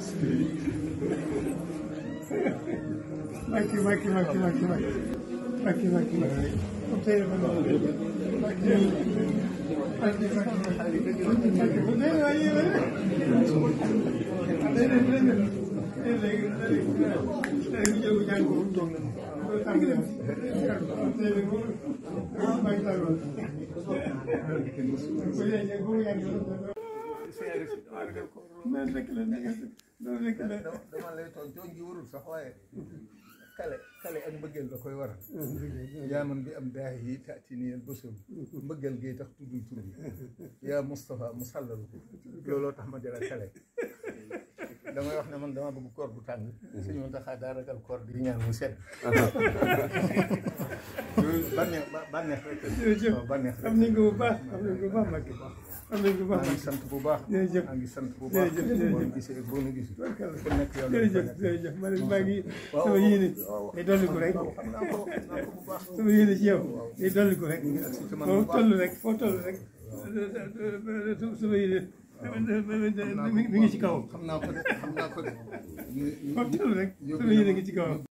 Spirit. Bakayım bakayım bakayım bakayım bakayım. Bakayım bakayım bakayım. Bu telefonu alayım. Bakayım. Bakayım bakayım bakayım. Bu ne ya? Ne ne ne ne? Memleketlerine geldik. loolu rek la dama lay toon tooñ gi warul sax waaye kale kale ak mbëggeel da koy waral yaaman bi am daax yi tatiniyel bësul mbëggeel gay tax tuddul tur bi yaa Moustapha mu sàllalu ko looloo tax ma jëla kale damay wax ne man dama bëgg koor bu tàng suñu mën taxaa daa ragal koor di ñaan mu sedd bànneex bànneex rek bànneex rek bu baax am nañ baax am nañ bu baax maa ngi sant bu baax. jërëjëf maa ngi sant bu baax. jërëjëf jërëjëf boo ma gisee boo ma gisee. jërëjëf jërëjëf man maa ngi sama yéene day dolli ko rek sama yéene ci yow day dolli ko rek foo toll rek foo toll rek sama yéene mi ngi ci kaw. xam naa ko de xam naa ko de. foo toll rek sama yéene ngi ci kaw.